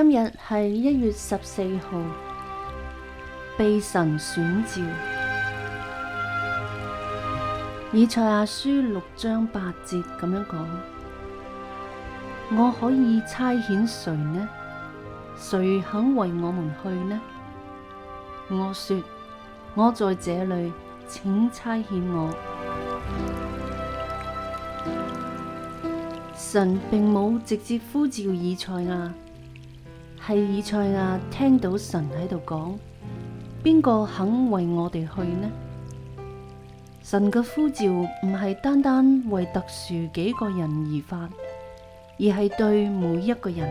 今日係一月十四號，被神選召。以賽亞書六章八節咁樣講：我可以差遣誰呢？誰肯為我們去呢？我說：我在這裏，請差遣我。神並冇直接呼召以賽亞。係以賽亞聽到神喺度講，邊個肯為我哋去呢？神嘅呼召唔係單單為特殊幾個人而發，而係對每一個人。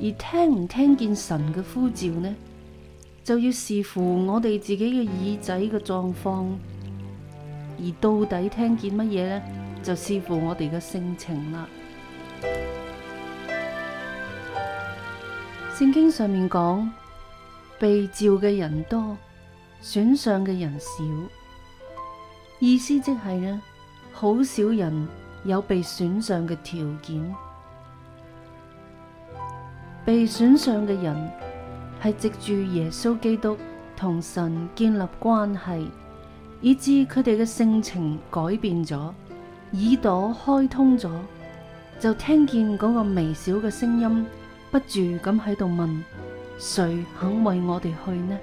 而聽唔聽見神嘅呼召呢，就要視乎我哋自己嘅耳仔嘅狀況。而到底聽見乜嘢呢，就視乎我哋嘅性情啦。聖經上面講，被召嘅人多，選上嘅人少，意思即係咧，好少人有被選上嘅條件。被選上嘅人係藉住耶穌基督同神建立關係，以致佢哋嘅性情改變咗，耳朵開通咗，就聽見嗰個微小嘅聲音。不住咁喺度問，誰肯為我哋去呢？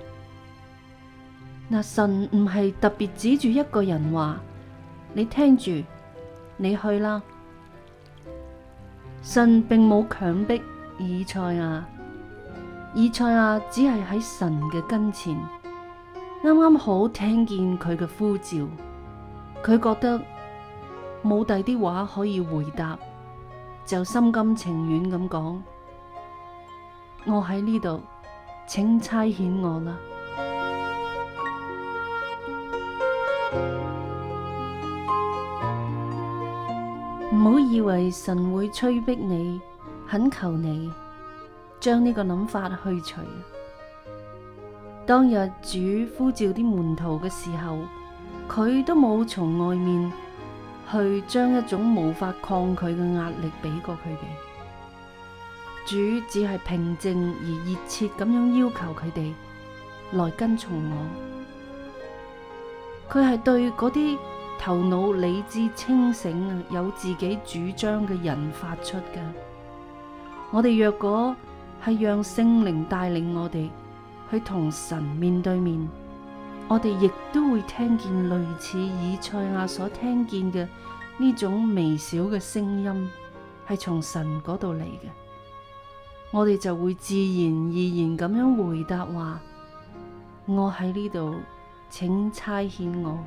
那神唔係特別指住一個人話，你聽住，你去啦。神並冇強迫以賽亞，以賽亞只係喺神嘅跟前，啱啱好聽見佢嘅呼召，佢覺得冇第二啲話可以回答，就心甘情願咁講。我喺呢度，請差遣我啦！唔好以為神會催逼你，懇求你將呢個諗法去除。當日主呼召啲門徒嘅時候，佢都冇從外面去將一種無法抗拒嘅壓力俾過佢哋。主只係平靜而熱切咁樣要求佢哋來跟從我，佢係對嗰啲頭腦理智清醒啊，有自己主張嘅人發出㗎。我哋若果係讓聖靈帶領我哋去同神面對面，我哋亦都會聽見類似以賽亞所聽見嘅呢種微小嘅聲音，係從神嗰度嚟嘅。我哋就會自然而然咁樣回答話：我喺呢度，請差遣我。